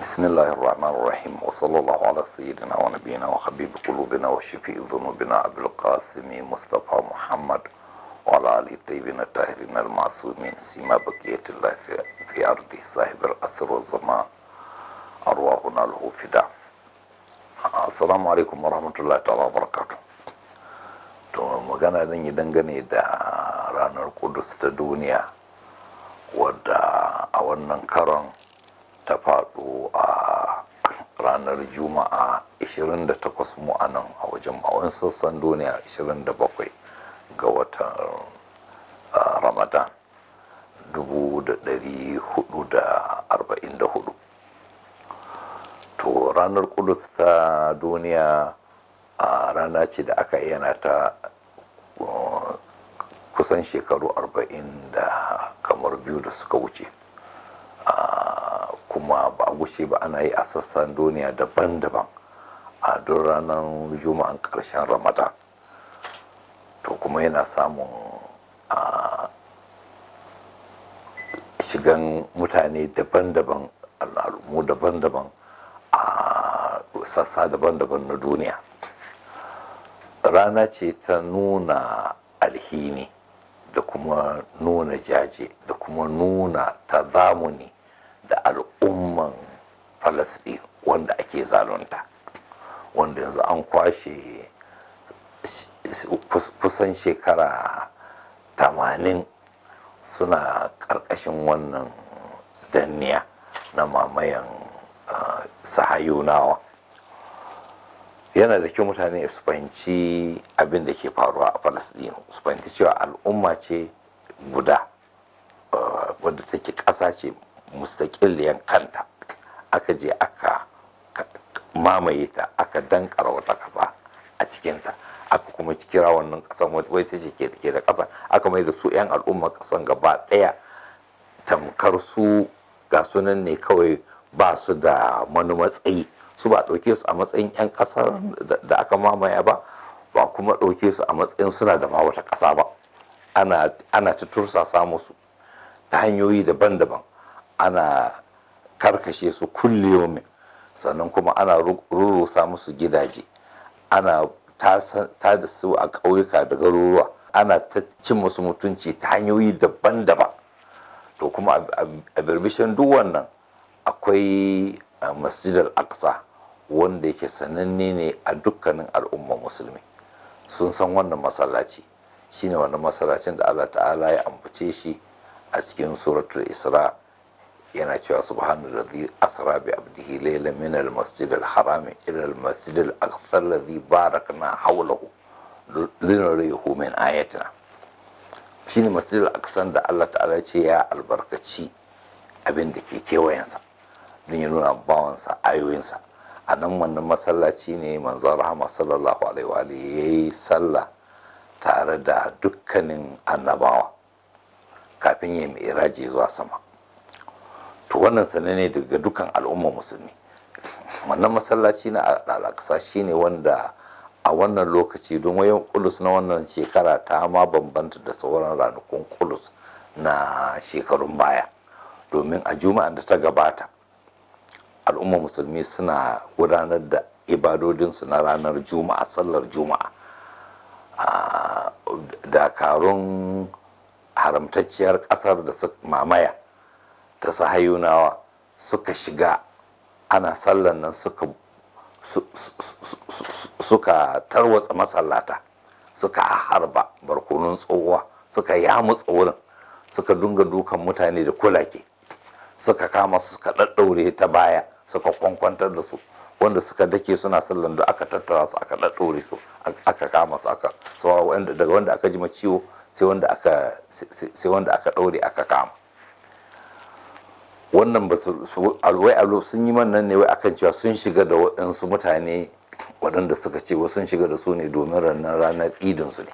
بسم الله الرحمن الرحيم وصلى الله على سيدنا ونبينا وحبيب قلوبنا وشفيء ذنوبنا أبو القاسم مصطفى محمد وعلى آله الطيبين الطاهرين المعصومين سيما بقية الله في, في أرضه صاحب الأسر والزمان أرواحنا له فداء السلام عليكم ورحمة الله تعالى وبركاته تو مغانا zan yi دا da ranar الدنيا ودا duniya wadda ta faɗo a ranar juma'a 28 mu anan a wajen mawon sassan duniya 27 ga watan ramadan 1444 to ranar kudus ta duniya a rana ce da aka yana ta kusan shekaru 40 da kamar biyu da suka wuce kuma ba a gushe ba ana yi a sassan duniya daban-daban a don ranar juma'an ƙarshen ramadan to kuma yana samun a shigan mutane daban-daban al'ummu daban-daban a sassa daban-daban na duniya rana ce ta nuna alhini da kuma nuna jaje da kuma nuna ta zamuni al'umman Falasɗi wanda ake zalunta wanda yanzu an kwashe kusan shekara tamanin suna ƙarƙashin wannan danniya na mamayan uh, sahayunawa yana da kyau mutane su fahimci abin da ke faruwa a falasdino su fahimci cewa al'umma ce guda uh, wadda take ƙasa ce mustaƙiliyan kanta aka je aka mamaye ta aka dankara wata ƙasa a cikinta aka kuma kira wannan ƙasan wai ta ce ke da ƙasa. aka mai da su 'yan al'ummar ƙasan gaba ɗaya tamkar su ga sunan ne kawai ba su da wani matsayi su ba ɗauke su a matsayin 'yan ƙasar da aka mamaya ba ba kuma ɗauke su a matsayin suna da ma wata ƙasa ba ana ta tursa samu ta hanyoyi daban-daban ana karkashe su kulliyomin sannan kuma ana rurrusa musu gidaje ana ta da su a ƙauyuka da garuruwa ana ta cin musu mutunci ta hanyoyi daban-daban to kuma a birbishin duk wannan akwai masjid al wanda yake sananne ne a dukkanin al'umma musulmi sun san wannan masallaci shine wannan masallacin da Allah ta'ala ya ambace shi a cikin suratul isra yana cewa subhanu ladhi asra bi abdihi laylan min al masjid al haram ila al masjid al aqsa alladhi barakna hawlahu linuriyahu min ayatina shine masjid al aqsa da Allah ta'ala ya ce ya albarkaci abin da ke kewayensa don ya nuna bawansa ayoyinsa a nan wannan masallaci ne manzon rahama sallallahu alaihi wa ya yi sallah tare da dukkanin annabawa kafin ya yi iraji zuwa sama to wannan ne daga dukkan al'ummar musulmi wannan masallaci na shi shine wanda a wannan lokaci don wayan kulus na wannan shekara ta ma bambanta da sauran ranakun kulus na shekarun baya domin a juma'ar da ta gabata al'umma musulmi suna gudanar da ibadodinsu na ranar juma'a sallar juma'a dakarun haramtacciyar ƙasar da su mamaya ta sahayunawa suka shiga ana sallan nan suka suka tarwatsa masallata suka harba barkonun tsohuwa suka yamutsa wurin suka dunga dukan mutane da kulake suka kama su suka ɗaɗɗaure ta baya suka kwankwantar da su wanda suka dake suna sallan da aka tattara su aka ɗaɗɗaure su aka kama su aka daga wanda aka jima ciwo sai wanda aka ɗaure aka kama wannan ba su alwai sun yi nan ne wai akan cewa sun shiga da waɗansu mutane waɗanda suka ce wa sun shiga da su ne domin ranar ranar idinsu ne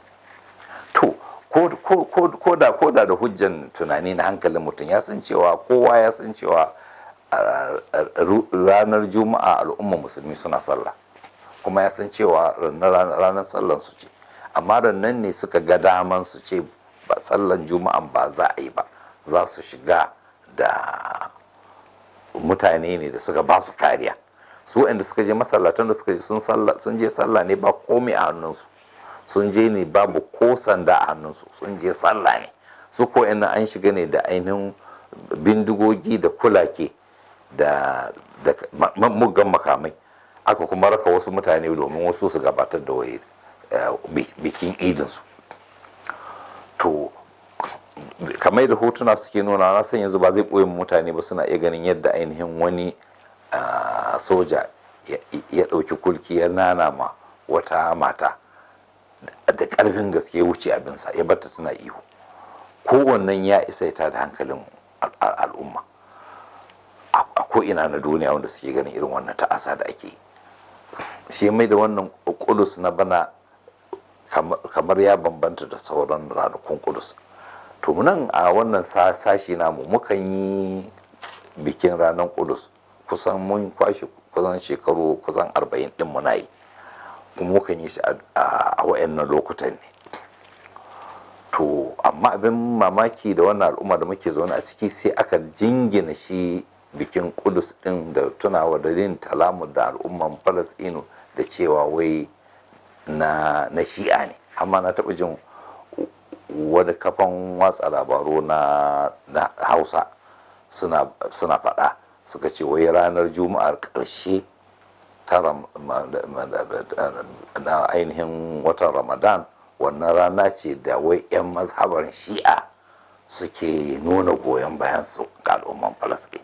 to ko da ko da da hujjan tunani na hankalin mutum ya san cewa kowa ya san cewa ranar juma'a al'ummar musulmi suna sallah kuma ya san cewa ranar sallan su ce amma nan ne suka ga daman su ce ba sallan juma'an ba za a yi ba za su shiga da mutane ne da suka ba su kariya su waɗanda suka je masallatan da suka je sun je sallah ne ba komai a hannunsu sun je ne babu ko sanda a hannunsu sun je sallah ne su ko ina an shiga ne da ainihin bindigogi da kulake da muggan makamai aka kuma raka wasu mutane domin wasu su gabatar da eh, bikin idinsu to kamar da hotuna suke nuna na san yanzu ba zai ɓoye mutane ba suna iya ganin yadda ainihin wani soja ya ɗauki kulki ya nana ma wata mata da ƙarfin gaske wuce abinsa ya barta tana ihu Kowannan ya isa ya da hankalin al'umma a ko'ina na duniya wanda suke ganin irin wannan ta'asa da ake shi mai da wannan kudus na bana kamar ya bambanta da sauran ranakun kudus to a wannan sashi namu mukan yi bikin ranar kudus kusan mun kwashe kusan shekaru kusan arba'in din muna yi kuma mukan yi shi a wayannan lokutan ne to amma abin mamaki da wannan al'umma da muke zaune a ciki sai aka jingina shi bikin kudus din da tunawa da yin talamu da al'umman falasɗinu da cewa wai na shi'a ne amma na taɓa jin wani kafan watsa labaru na hausa suna faɗa suka ce wai ranar juma'ar ƙarshe tara na ainihin watan ramadan wannan rana ce da wai 'yan mazhabar shi'a suke nuna goyon bayan su ga al'umman falasɗin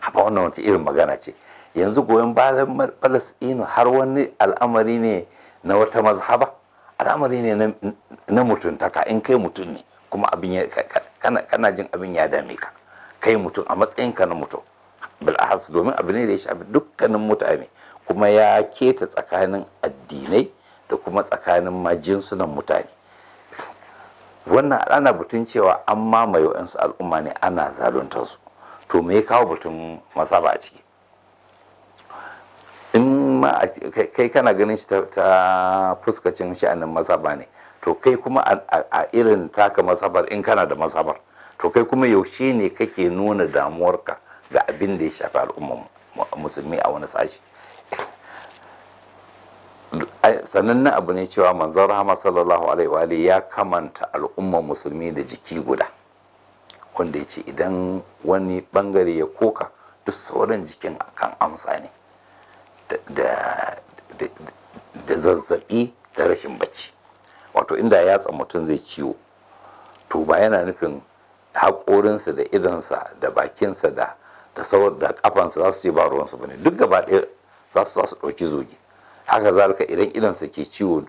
haɓa wannan wata irin magana ce yanzu goyon bayan falasɗinu har wani al'amari ne na wata mazhaba al'amari ne na mutuntaka in kai mutum ne kuma abin kana jin abin ya dame ka kai mutum a matsayin ka na mutum ahas domin abin da ya shafi dukkanin mutane kuma ya keta tsakanin addinai da kuma tsakanin ma jinsunan mutane wannan ana butun cewa an mamaye wa'yansu al'umma ne ana zaluntar su to me ya kawo batun masaba a ciki ma kai kana ganin shi ta fuskacin sha'anin mazaba ne to kai kuma a irin taka mazabar in kana da mazabar to kai kuma yaushe ne kake nuna damuwarka ga abin da ya shafi al'ummar musulmi a wani sashi sanannen abu ne cewa manzon rahama sallallahu alaihi ya kamanta al'ummar musulmi da jiki guda wanda ya ce idan wani bangare ya koka duk sauran jikin kan amsa ne da zazzabi da rashin bacci wato inda yatsa mutum zai ciwo to ba yana nufin haƙorinsa da idonsa da bakinsa da da sauran da kafansa za su ce ba ruwansu bane duk gaba ɗaya za su ɗauki zogi haka zalika idan idonsa ke ciwo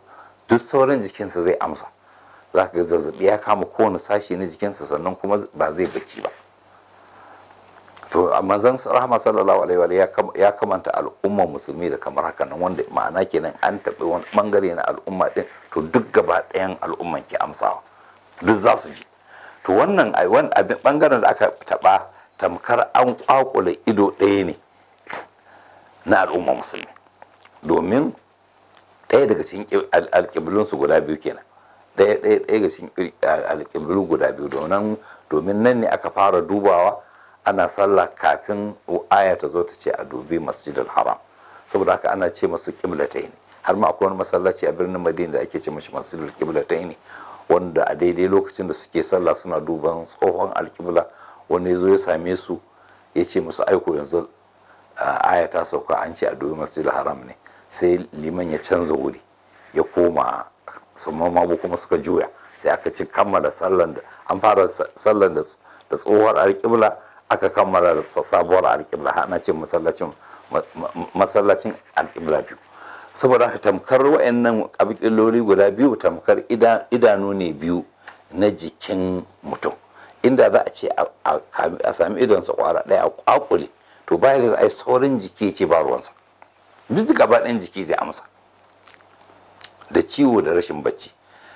duk sauran jikinsa zai amsa za ka zazzabi ya kama kowane sashi na jikinsa sannan kuma ba zai bacci ba to manzon rahama sallallahu alaihi wa ya kamanta al'umma musulmi da kamar haka nan wanda ma'ana kenan an taɓi wani bangare na al'umma din to duk gaba ɗayan al'umman ke amsawa duk za su ji to wannan abin bangaren da aka taɓa tamkar an kwakula ido ɗaya ne na al'umma musulmi domin ɗaya daga cikin su guda biyu kenan ɗaya ɗaya ɗaya daga cikin alƙiblu guda biyu domin nan ne aka fara dubawa ana sallah kafin aya ta zo ta ce a dubi masjidil haram saboda haka ana ce masu kiblatai ne har ma akwai wani masallaci a birnin madina da ake ce mashi masjidil kiblatai ne wanda a daidai lokacin da suke sallah suna duban tsohon alkibla wani ya zo ya same su ya ce masu aiko yanzu aya ta sauka an ce a dubi masjidil haram ne sai liman ya canza wuri ya koma sannan mabu kuma suka juya sai aka ci kammala sallan da an fara sallan da tsohuwar alkibla aka kammala da sabuwar alƙibla na ce masallacin masallacin alƙibla biyu saboda haka tamkar wa'annan ƙabiloli guda biyu tamkar idanu ne biyu na jikin mutum inda za a ce a sami idonsa kwara ɗaya a kwakule to baya da ai saurin jiki ce ba ruwansa duk gaba ɗayan jiki zai amsa da ciwo da rashin bacci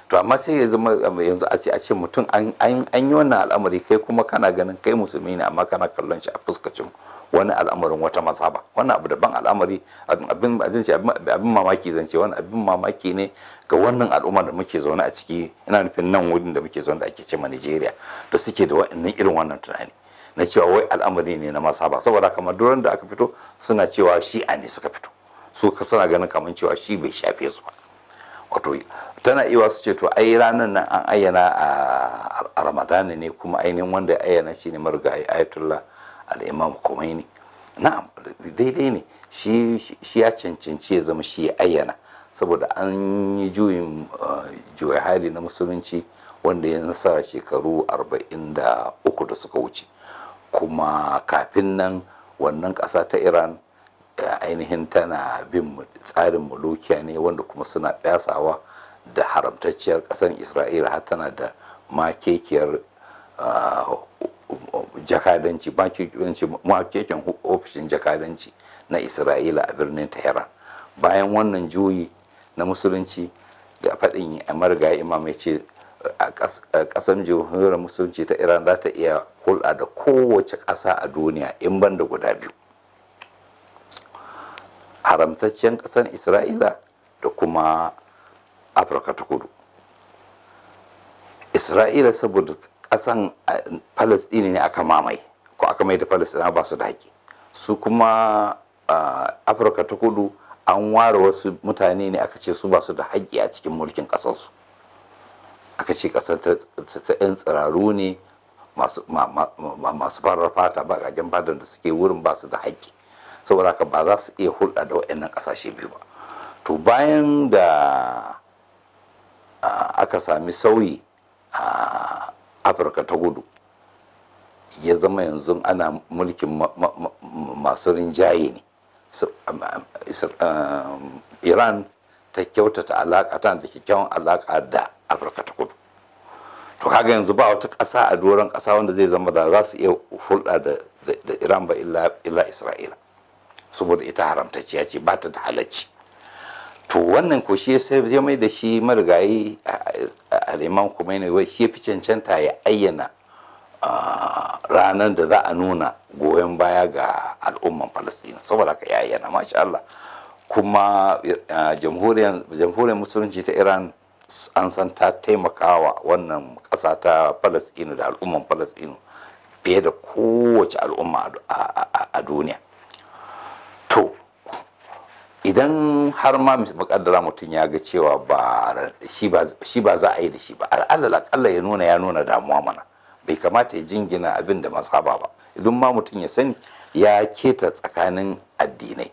to amma sai ya zama eh, yanzu a ce a ce mutum an yi wannan al'amari kai kuma kana ganin kai musulmi ne amma kana kallon shi a fuskacin wani al'amarin wata ba wannan abu daban al'amari abin mamaki zance wani abin mamaki ne ga wannan al'ummar da muke zaune a ciki ina nufin nan wurin da muke zaune da ake cewa Najeriya da suke da wa'annan irin wannan tunani na cewa wai al'amari ne na ba saboda kamar duran da aka fito suna cewa shi'a ne suka fito su suna ganin kamar cewa shi bai shafe su ba wato tana iya su ce to ai ranar nan an ayyana a ramadana ne kuma ainihin wanda ya ayyana shi ne marigayi ayatollah al'imam khomeini na'am daidai ne shi ya cancanci ya zama shi ya ayyana saboda an yi juyin eh, juya hali na musulunci wanda ya nasara shekaru 43 da suka wuce kuma kafin nan wannan ƙasa ta iran ainihin tana bin tsarin mulukiya ne wanda kuma suna ɓasawa da haramtacciyar ƙasar isra'ila har tana da makekiyar ah, jakadanci makekin ofishin jakadanci na isra'ila a birnin tehran bayan wannan juyi na musulunci da faɗin amurga imam ya ce ƙasar jamhuriyar musulunci ta iran za ta iya hulɗa da kowace ƙasa a duniya in ban da guda biyu haramtaccen ƙasar isra'ila da kuma afirka ta kudu isra'ila saboda ƙasan palestini ne aka mamaye ko aka mai da palestina ba su da su kuma afirka ta kudu an ware wasu mutane ne aka ce su ba su da haƙƙi a cikin mulkin ƙasarsu aka ce ƙasar ta 'yan tsiraru ne masu farar fata ba baƙaƙen fadar da suke wurin ba su da haƙƙi saboda haka ba za su iya hulɗa da wa'annan ƙasashe biyu ba to bayan da aka sami sauyi a afirka ta gudu ya zama yanzu ana mulkin masu rinjaye ne iran ta kyautata alaƙa ta da kyakkyawan alaƙa da afirka ta kudu to kaga yanzu ba wata ƙasa a doron ƙasa wanda zai zama da za su iya hulɗa da iran ba illa isra'ila saboda ita haramtacciya ce ba ta da halacci to wannan ko shi sai ya mai da shi marigayi kuma ne wai shi fi cancanta ya ayyana ranar da za a nuna goyon baya ga al'umman Falasɗina saboda ka ayyana masha Allah kuma jamhuriyar musulunci ta Iran an san ta taimakawa wannan ƙasa ta Falasɗinu da al'umman Falasɗinu fiye da kowace al'umma a duniya idan har ma makaddara mutum ya ga cewa ba shi ba za a yi da shi ba al'alal akalla ya nuna ya nuna damuwa mana bai kamata ya jingina abin da masaba ba idan ma mutum ya sani ya keta tsakanin addinai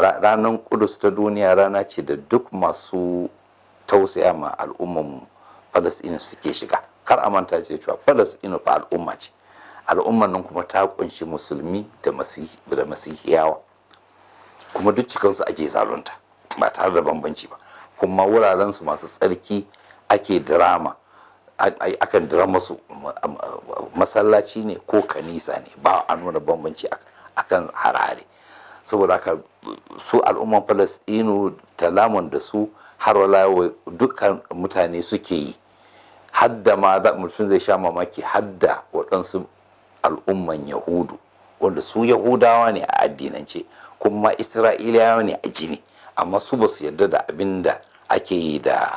ranar kudus ta duniya rana ce da duk masu tausaya ma al'umman falasɗinu suke shiga kar a manta ce cewa falasɗinu fa al'umma ce Al'ummar nan kuma ta kunshi musulmi da masihiyawa kuma duk cikansu ake zalunta ba tare da bambanci ba kuma wuraren su masu tsarki ake drama akan drama su masallaci ne ko kanisa ne ba a nuna bambanci akan harare saboda haka su al'umman ta talamun da su har wala dukkan mutane suke yi hadda ma mutum zai sha mamaki hadda waɗansu al'umman yahudu wanda su yahudawa ne a addinance kuma isra'ilawa ne a jini amma su ba su yarda da abin da ake yi da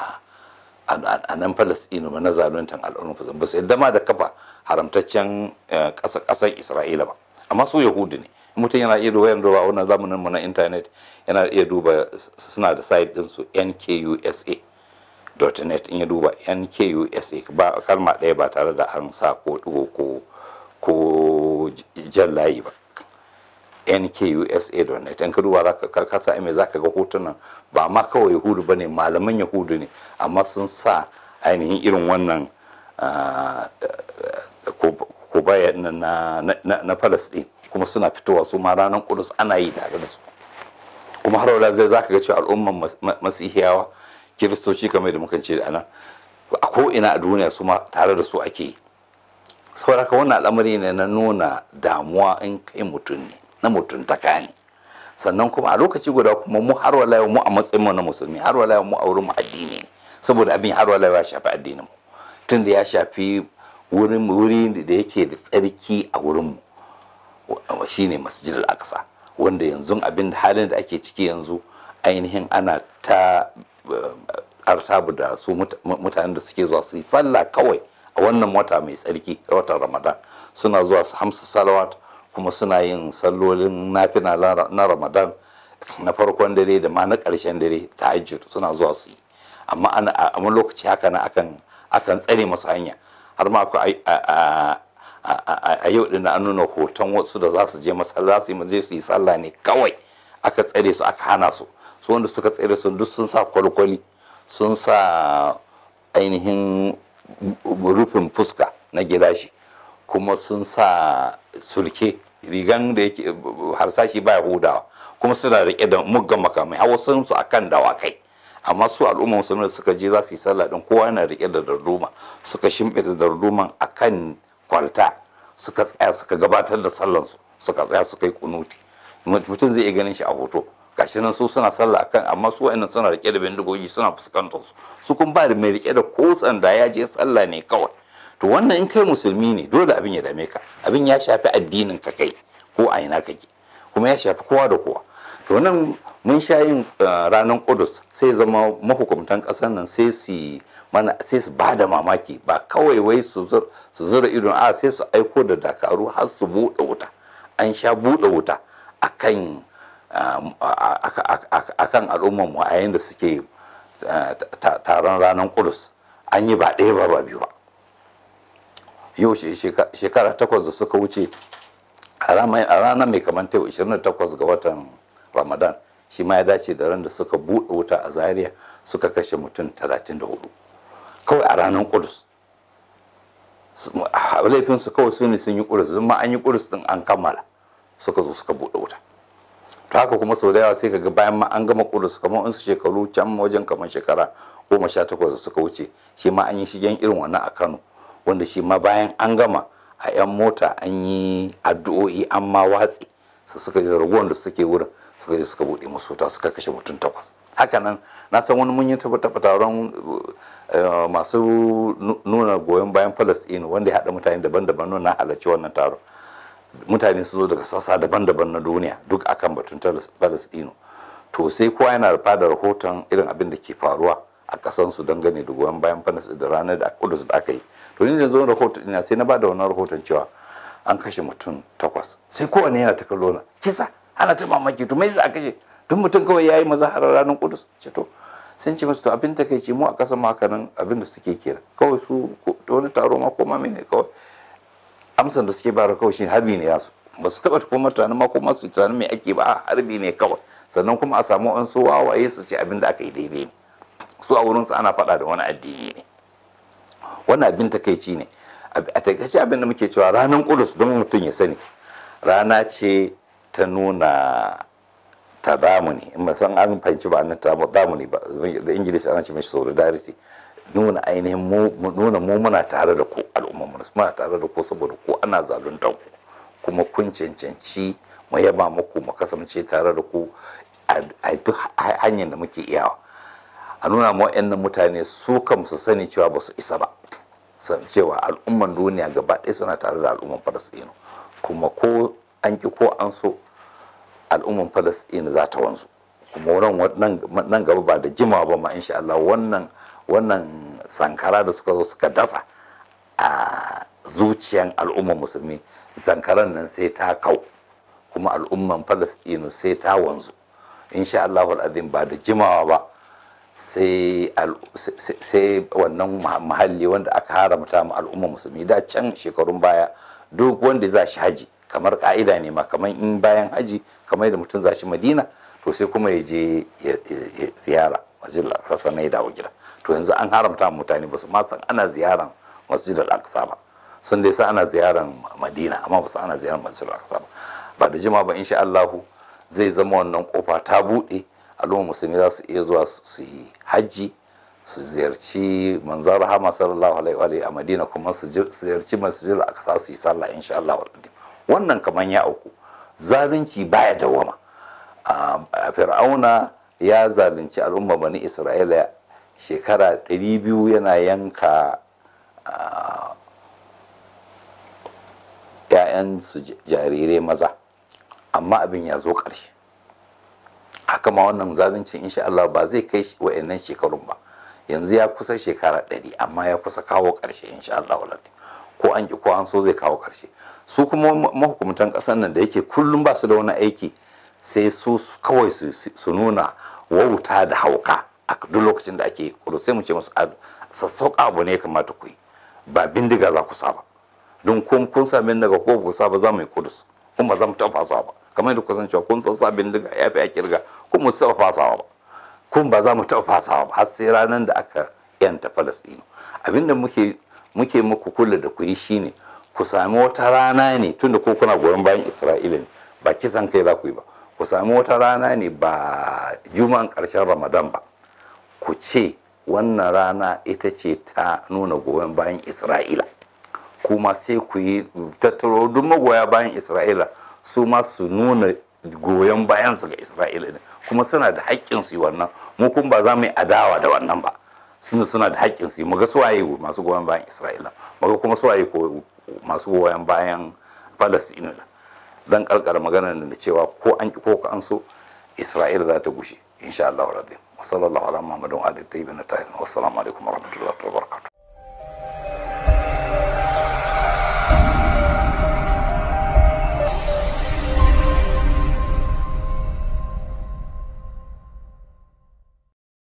a nan falastinu na zaluntan al'ummar ba su yarda ma da kafa haramtaccen eh, ƙasar isra'ila ba amma su yahudu ne mutum yana iya duba yanzu a wannan zamanin mu na intanet yana iya duba suna da site din su nkusa.net in ya duba nkusa ba kalma ɗaya ba tare da an sa ko ɗigo ko ko jan layi ba nkusa.net in ka duba za ka kasa ime za ka ga hotunan ba ma kawai yahudu ba ne malaman yahudu ne amma sun sa ainihin irin wannan ah, eh, ko baya na falasɗin kuma suna fitowa su ma ranar kudus ana yi tare da su kuma har wala zai zaka ga cewa al'umman masihiyawa kiristoci kamar da muka ce a nan a ko ina a duniya su ma tare da su ake yi saboda haka wannan al'amari ne na nuna damuwa in kai mutum ne na mutuntaka ne sannan kuma a lokaci guda kuma mu har wala mu a matsayin mu na musulmi har wala mu a wurin mu addini ne saboda abin har wala ya shafi addinin mu tunda ya shafi wurin wuri da yake da tsarki a wurin mu shine masjidil aqsa wanda yanzu abin halin da ake ciki yanzu ainihin ana ta eh, artabu da su mutanen da suke zuwa su yi sallah kawai a wannan wata mai tsarki watan ramadan suna zuwa su hamsu salawat kuma suna yin sallolin nafina na ramadan na farkon dare da ma na ƙarshen dare tahajjud suna zuwa su yi amma a wani lokaci haka na akan akan tsare masu hanya har ma akwai a yau din an nuna hoton wasu da za su je masallaci mu je su yi sallah ne kawai aka tsare su aka hana su su wanda suka tsare su duk sun sa kwalkwali sun sa ainihin rufin fuska na gida shi. kuma sun sa sulke rigan da yake harsashi baya hudawa kuma suna rike da muggan makamai hawa sun su akan dawakai amma su al'umma da suka je za su yi sallah din kowa yana rike da darduma suka da darduman akan kwalta suka tsaya suka gabatar da sallansu suka tsaya suka yi kunuti mutum zai iya ganin shi a hoto gashi nan su suna sallah akan amma su wa'annan suna rike da bindigogi suna fuskantar su su kun ba da mai rike da ko tsanda ya je sallah ne kawai to wannan in kai musulmi ne dole abin ya dame ka abin ya shafi addinin ka kai ko a ina kake kuma ya shafi kowa da kowa to nan mun sha yin eh, ranar kudus sai zama mahukumtan kasar nan sai su mana sai su bada mamaki ba kawai wai su zura idon a sai su aiko da dakaru har su buɗe wuta an sha buɗe wuta akan akan al'ummar mu a yayin da suke eh, taron ranar kudus an yi ba ɗaya ba ba biyu ba yau shekara takwas da suka wuce a ranar mai kamar ta 28 ga watan ramadan shi ma ya dace da ran da suka buɗe wuta a zaria suka kashe mutum 34 kawai a ranar kudus laifinsu kawai su ne sun yi kudus ma an yi kudus din an kammala suka zo suka buɗe wuta to haka kuma sau da yawa sai kaga bayan ma an gama su kamar su shekaru can wajen kamar shekara goma sha takwas da suka wuce shi ma an yi shigen irin wannan a kano wanda shi ma bayan an gama a 'yan mota an yi addu'o'i an ma watsi su suka yi raguwan da suke wurin suka je suka buɗe musu wuta suka kashe mutum takwas nan, na san wani mun yi taron eh, masu nuna goyon bayan palestine wanda ya haɗa mutane daban-daban nuna halarci wannan taron mutane su zo daga sassa daban-daban na duniya duk akan batun palestino to sai kowa yana rufa da rahoton irin abin da ke faruwa a kasansu su gane da goyon bayan fanas da ranar da kudus da aka yi to ni da zo rahoton ina sai na ba da wannan rahoton cewa an kashe mutum takwas sai kowane yana ta kallo kisa ana ta mamaki to mai a kashe duk mutum kawai ya yayi mazaharar ranar kudus ce to sun ce musu to abin ta takaici mu a kasan makanan abin da suke kira kawai su wani taro ma koma mene kawai amsar da suke bara kawai shi harbi ne yasu ba su taba kuma tunanin ma ko masu tunanin me ake ba harbi ne kawai sannan kuma a samu an so wawaye su ce abin da aka yi daidai ne su a wurin wurinsu ana faɗa da wani addini ne wannan abin takaici ne a takaice abin da muke cewa ranar kudus don mutum ya sani rana ce ta nuna ta damuni in ba san an fahimci ba annan ta damuni ba da ingilishi ana ce mishi solidarity nuna ainihin mu nuna mu muna tare da ku al'ummar mu muna tare da ku saboda ku ana zaluntar ku kuma kun cancanci mu yaba muku mu kasance tare da ku a duk hanyar da muke iyawa a nuna mu wa'annan mutane su kan su sani cewa ba su isa ba cewa al'umman duniya gaba ɗaya suna tare da al'umman falasɗinu kuma ko an ki ko an so al'umman falasɗinu za ta wanzu kuma nan gaba ba da jimawa ba ma insha Allah wannan wannan sankara da suka zo suka datsa a zuciyan al'ummar musulmi sankaran nan sai ta kau kuma al'umman falastinu sai ta wanzu insha Allah al'adun ba da jimawa ba sai wannan mahalli wanda aka haramta ma al'ummar musulmi da can shekarun baya duk wanda za shi haji kamar ka'ida ne ma kamar in bayan haji kamar da mutum za shi madina to sai kuma ya je ziyara masjid al-aqsa na dawo gida to yanzu an haramta mutane ba su ma san ana ziyaran masjid al-aqsa ba sun dai sa ana ziyaran madina amma ba su ana ziyaran masjid al-aqsa ba ba da jima ba insha Allah zai zama wannan kofa ta bude al'umma musulmi za su iya zuwa su yi hajji su ziyarci manzon rahama sallallahu alaihi wa a madina kuma su ziyarci masjid al-aqsa su yi sallah insha Allah wannan kaman ya auku zalunci baya dawama a ah, fir'auna ya zalunci al'umma bani isra'ila shekara 200 yana yanka ah, su jarirai maza amma abin ya zo ƙarshe haka ma wannan zaluncin insha Allah ba zai kai wa'annan shekarun ba yanzu ya kusa shekara ɗari amma ya kusa kawo ƙarshe insha Allah ko an ji ko an so zai kawo ƙarshe su kuma mahukumtan ƙasar nan da yake kullum ba su da wani aiki sai su kawai su nuna wauta da hauka a duk lokacin da ake kudu sai mu ce musu sassauƙa abu ne kamata ku yi ba bindiga za ku saba don kun kun sami daga ko ku saba za mu yi kudus kuma za mu taɓa fasawa ba kamar yadda kusan cewa kun sa bindiga ya fi ake riga kun mu taɓa fasawa ba kun ba za mu taɓa fasawa ba har sai ranar da aka yanta falastinu abinda muke muke muku kula da ku yi shine ku sami wata rana ne tunda ko kuna goyon bayan isra'ila ne ba kisan kai za ku yi ba ku sami wata rana ne ba juman ƙarshen ramadan ba ku ce wannan rana ita ce ta nuna goyon bayan isra'ila kuma sai ku yi tattaro duk magoya bayan isra'ila su ma su nuna goyon bayan su ga isra'ila ne kuma suna da haƙƙin su yi wannan mu kuma ba za mu yi adawa da wannan ba suna suna da haƙƙin su yi muga waye masu goyon bayan isra'ila muga kuma su waye masu goyon bayan palestina dan karkara magana da cewa ko an ko ka an so Isra'ila za ta gushe insha Allah rabbi wa sallallahu ala muhammadin wa alihi tayyibin tahirin wassalamu alaikum wa rahmatullahi wa barakatuh